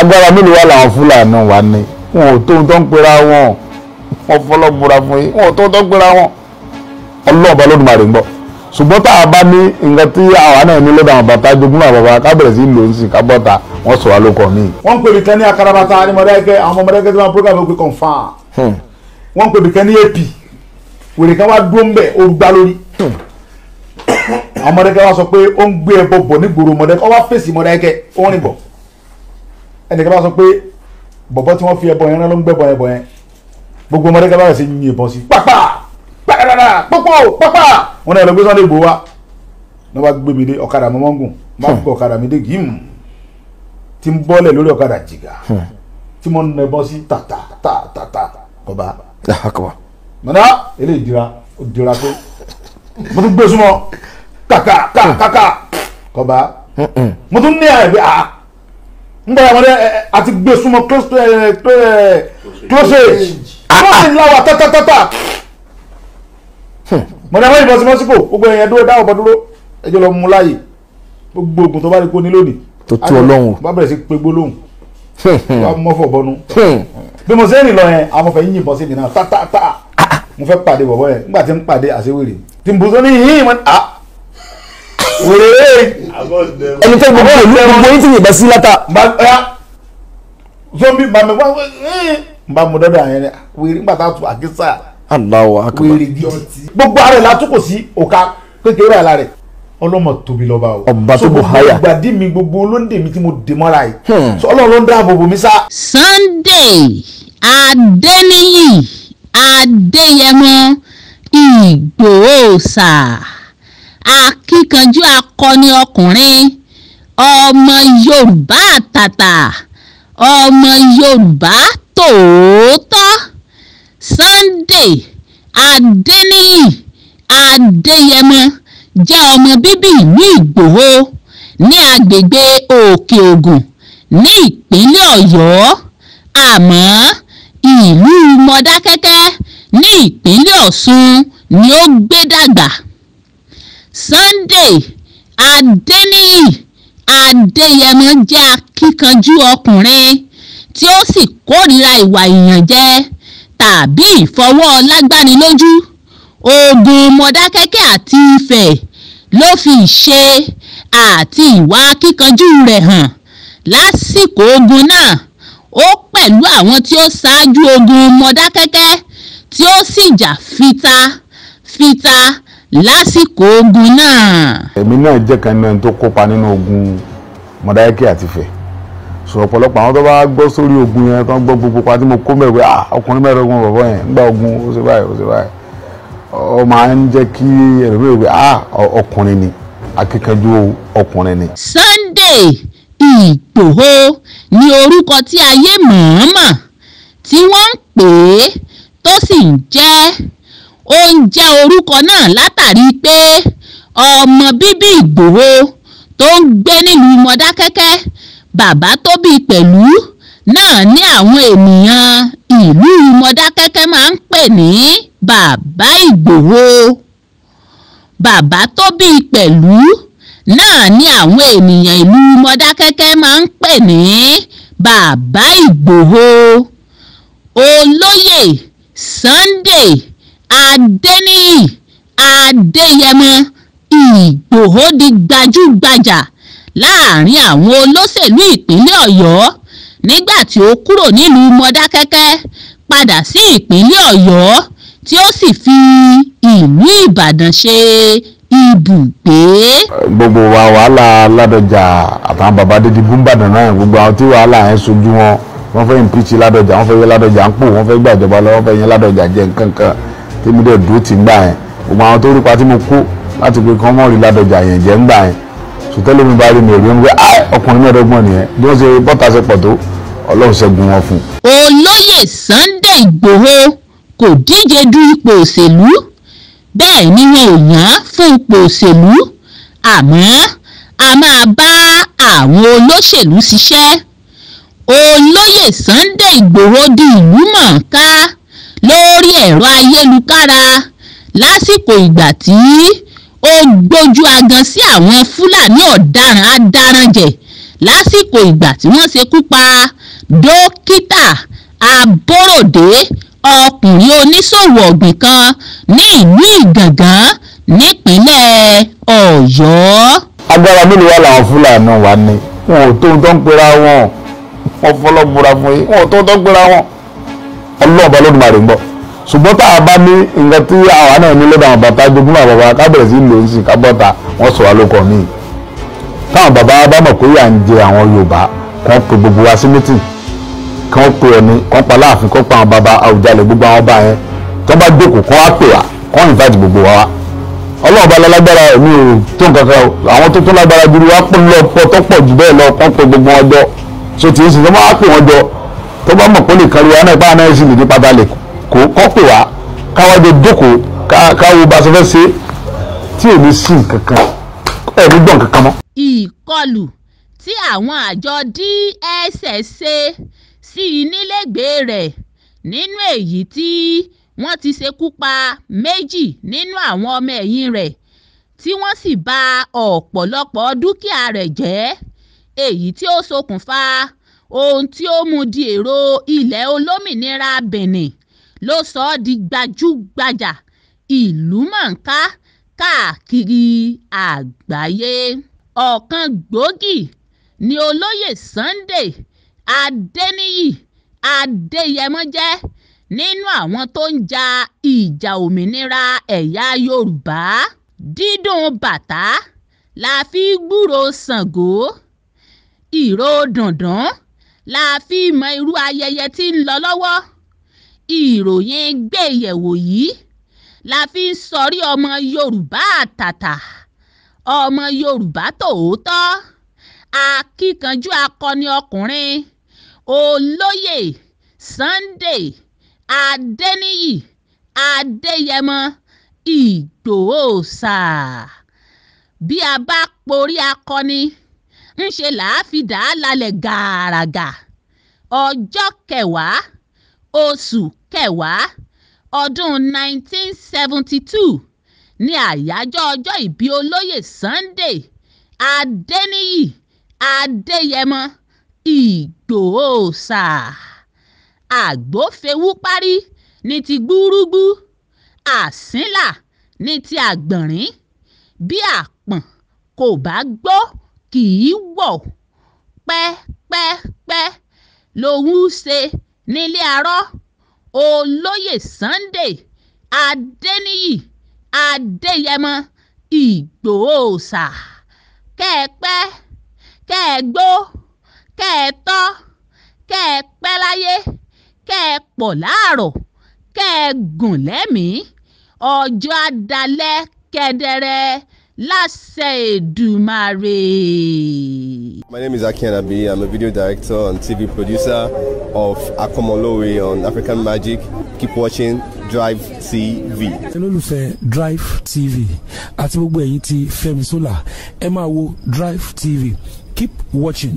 agbára mélòó wà làwọn fúlàní wà ní wọn ò tó ń tọ́ ń pera wọn wọn fọlọ́ búra fún yín wọn ò tó ń tọ́ ń pera wọn ọlọ́ọ̀bá lódùmarè ń bọ̀ ṣùgbọ́n tá a bá ní nǹkan tí àwa náà ní lọ́dọ̀ àwọn bàtà jogún àwọn bàbá ká bẹ̀rẹ̀ sí lò ń sìn ká bọ́ta wọ́n sọ wá ló kọ́ mi. wọ́n ń pè mí kan ní akarabata arimọ̀dẹ́gẹ́ àwọn ọmọdẹ́gẹ́ tí wọ́n program ó gbé confam. Hmm. wọ́n ń pè mí kan ní ap wèrè kan wá dúró ń bẹ̀ ó gbá lórí. Hmm. àwọn ọmọdẹ́gẹ́ wá sọ pé ó ń gbé ẹbọ bọ̀ nígboro ọmọdẹ́gẹ́ ó wá fèsì ọmọdẹ́gẹ́ ó rìn bọ̀ ẹnìkan bá sọ pé bọ̀bọ̀ tí wọ́n fi ẹbọ yẹn rán ló ń gbẹ́bọ ẹbọ yẹn gbogbo ọmọdé kan bá sì yin ìbọn sí pápá pàkàdàdà pópó pápá wọn náà lọ gbé Sunday Igboho wa ní wàá gbé mi dé ọ̀kadà mọ́mọ́ ń gùn máa gbọ́ ọ̀kadà mi dé gíìmù tí ń bọ́lẹ̀ lórí ọ̀kadà jìgà hmm. tí mo nà ẹbọ sí tàtà tàtà tàtà ọba. mọ̀nà eléyìí dira ó dira tó mo tún gbé e súnmọ́ kàkà kàkà kọba hmm, hmm. mo tún ní àyè bí a. Ah, ngbọ́dọ̀ àmọ́dé àti gbé súnmọ́ close age close age láwà tátátátá mọ̀dé àwọn ìbọn sí mọ́síkò gbogbo ẹ̀yẹn dúró dáwọ̀ bọ́ dúró ẹjọ́ lọ mú láàyè gbogbo oògùn tó bá rí kó ní lónìí tó tú ọlọ́run bá bẹ̀rẹ̀ sí pé gbólóhùn wà mọ́fọ̀ bọ́nú bí mo ṣe ń rìn lọ yẹn àwọn fẹ́ yìnbọn sí mi náà tátátá ah. mo fẹ́ pàdé bọ̀bọ̀ yẹn nígbà tí ń pàdé àṣewèrè tí mo sọ ní yìnyín mọ́ ah wèrè ẹni tó gbogbo ìlú gbogbo yín ti yìnbọn sí látà. zombi bàmí wá bá mo dọ́dọ̀ àyẹ̀rẹ̀ wèrè gbàtà tó àkísà wèrè gidi gbogbo ara ẹ̀ sí òka kékeré àlá rẹ̀ ọlọ́mọ tóbi lọ́ba o ọba tó bò háyà gbàdí mi gbogbo olóńdè mi tí mo dè mọ́ra yìí hmm. sọ ló ń dáàbò bò mí sá. Sunday Adéníyì Adéyẹmọ Ìgbòho sáà akíkanjú akọni ọkùnrin ọmọ yorùbá àtàtà ọmọ yorùbá tòótọ́ sunday adéníyì adéyẹmọ jẹ́ ọmọ bíbí ìlú ìgbòho ní agbègbè òkè ògùn ní ìpínlẹ̀ ọ̀yọ́ àmọ́ ìlú mọdákẹ́kẹ́ ní ìpínlẹ̀ ọ̀ṣun ni ó gbé dàgbà sunday adẹniyí adéyẹmọ jẹ́ akíkanjú ọkùnrin tí ó sì kórìíra ìwà ìyànjẹ tàbí ìfọwọ́ lágbáni lójú ogun mọ̀dákẹ́kẹ́ àti ifẹ̀ ló fi ìṣe àti ìwà akíkanjú rẹ̀ hàn lásìkò ogun náà ó pẹ̀lú àwọn tí ó ṣáájú ogun mọ̀dákẹ́kẹ́ tí ó sì jà fita fita lásìkò ogun náà. èmi náà jẹ́ kan náà tó kópa nínú ogun Mọdákẹ́kẹ́ àti Ifẹ̀ sọ ọ̀pọ̀lọpọ̀ àwọn tó bá gbọ́ sórí ogun yẹn tó ń gbọ́ gbogbo pa tí mo kó mẹ́rin pé ah, ọkùnrin mẹ́rin ogun bàbá yẹn ń gba ogun ó ṣe báyìí ó ṣe báyìí ó máa ń jẹ́ kí ẹlòmíràn pé ah, ọkùnrin ni akíkanjú ọkùnrin ni. Sunday Ìgbòho ni orúkọ tí ayé mọ̀ọ́mọ̀ tí wọ́n ń pè é tó sì ń jẹ́ ó ń jẹ́ orúkọ náà látàrí pé ọmọ bíbí ìgbòho tó ń gbé nílùú mọdákẹ́kẹ́ bàbá tó bí pẹ̀lú náà ní àwọn ènìyàn ìlú mọdákẹ́kẹ́ máa ń pè ní bàbá ìgbòho bàbá tó bí pẹ̀lú náà ni àwọn ènìyàn ìlú mọdákẹ́kẹ́ máa ń pè ní bàbá ìgbòho olóyè Sunday adẹniyí adéyẹmọ ìgbòho di gbajúgbajà láàrin àwọn olóṣèlú ìpínlẹ̀ ọ̀yọ́ nígbà tí ó kúrò nílùú mọdákẹ́kẹ́ padà sí ìpínlẹ̀ ọ̀yọ́ tí ó sì fi ìlú ìbàdàn ṣe ibùgbé. gbogbo wa wàhálà ládọjà àtàwọn bàbá dídí búmbàdàn náà gbogbo àwọn tí wàhálà yẹn sojú wọn wọ́n fẹ́ impeach ládọjà wọ́n fẹ́ yẹ ládọjà ń pò wọ́n fẹ́ gbàjọba lọ wọ́n fẹ́ yẹ ládọjà jẹ nǹkan tèmi dẹ̀ dúró tì ń gbà yẹn gbogbo àwọn tó rí pa tí mo kó láti pé kán mọ́ rí ládọjà yẹn jẹ́ ń gbà yẹn sùtẹ́lẹ̀ mi bá rí mi ò rí wọn pé ọkùnrin mẹ́ẹ̀ẹ́dọ́gbọ̀n nìyẹn bí wọ́n ṣe bọ́ta ṣe pọ̀ tó ọlọ́run ṣẹ́gun wọn fún. olóyè Sunday Ìgbòho kò díje du ipò òṣèlú bẹ́ẹ̀ ni wọn ò yàn án fún ipò òṣèlú àmọ́ a máa bá àwọn olóṣèlú ṣiṣẹ́ olóyè Sunday Ìgbòho di ìlú mọ̀ọ́ká lórí ẹ̀rọ ayélukára lásìkò ìgbà tí ó gbójú agan sí àwọn fúlàní ọ̀daràn adarànjẹ lásìkò ìgbà tí wọ́n ṣekú pa dókítà aboròdé ọkùnrin oníṣòwò ọ̀gbìn kan ní ìlú ìgàngán nípínlẹ̀ ọ̀yọ́. agbára mélòó wà láwọn fúlàní wa ni wọn ò tó ń tọ́ ń pera wọn wọn fọlọ́ múra fún yín wọn ò tó ń tọ́ ń pera wọn ọlọ́ọ̀bá lódùmarè ń bọ̀ ṣùgbọ́n tá a bá ní nǹkan tí àwa náà ní lọ́dọ̀ àwọn bàbá jogún àwọn bàbá ká bẹ̀rẹ̀ sí lò ń sìn ká bọ́ta wọ́n sọ wá lóko míì táwọn bàbá bá mọ̀ pé yà ń jẹ àwọn Yorùbá kan pe gbogbo wa sí mítìn kan pe ẹni kan pa láàfin kan pa àwọn bàbá Àwùjalẹ̀ gbogbo àwọn bá yẹn tó bá jókòó kan á pè wá kan ìfàjì gbogbo wa ọlọ́ọ̀bá lálágbára ẹ̀mí o tó nǹkan kan àwọn tó tún lágbára jù wá pọ̀ lọ́pọ̀ tó pọ̀ jù bẹ́ẹ̀ lọ kan pe gbogbo wọn jọ so tì í sì tó máa pè wọn jọ tó bá mọ̀ pé lè kan riwa náà ipá náà sì lè nípa balẹ̀ kó kọ́ pè wá káwájú dókòó káwó bá ṣe fẹ́ ṣe tí ò ní sí nǹkan kan gbọ̀n kankan mọ́. ìkọlù tí àwọn àjọ DSS ṣe sí nílégbèé rẹ̀ nínú èyí tí wọ́n ti ṣekú pa méjì nínú àwọn ọmọ ẹ̀yìn rẹ̀ tí wọ́n sì bà ọ̀pọ̀lọpọ̀ dúkìá rẹ̀ jẹ́ èyí tí ó ṣokùnfà ohun tí ó mú u di èrò ilẹ̀ olómìnira benin ló sọ ọ́ di gbajúgbajà ìlú mọ̀ káàkiri àgbáyé ọ̀kan gbòógì ni olóyè sunday adẹniyí adéyẹmọ jẹ́ nínú àwọn tó ń ja ìjà òmìnira ẹ̀yà yorùbá dídùn bàtà la fi gbúròó sango ìró dùndún la fi mọ irú ayẹyẹ tí ń lọ lọ́wọ́ ìròyìn gbéyẹ̀wò yìí la fi ń sọrí ọmọ yorùbá àtàtà ọmọ yorùbá tòótọ́ akíkanjú akọni ọkùnrin olóyè sunday adẹniyí adéyẹmọ ìgbòho sáà bí a bá porí akọni ńṣe làá fi dà á lálẹ́ gàràgà ọjọ́ kẹwàá oṣù kẹwàá ọdún 1972 ní àyájọ́ ọjọ́ ìbí olóyè sunday adẹniyí adéyẹmọ ìgbòho sáà àgbófewú parí ní ti gbúrúgbú àsínlà ní ti àgbọ̀nrín bí àpọ̀n kò bá gbọ́ kì í wọ̀ pẹ́pẹ́pẹ́ lòun ń ṣe nílé arọ olóyè sunday adẹniyí adéyẹmọ ìgbòho-òòṣà kẹ́ ẹ pẹ́ kẹ́ ẹ gbó kẹ́ ẹ tọ́ kẹ́ ẹ pẹ́ láyé kẹ́ ẹ pọ̀ láàrọ̀ kẹ́ ẹ gùn láṣẹ Èdùmàrè. My name is Akian Abi. I'm a video director and TV producer of Akomolowe on African Magic. Keep watching Drive TV. olólùfẹ́ Drive TV àti gbogbo ẹ̀yin ti Fẹ́mi Sola ẹ máa wo Drive TV. Keep watching.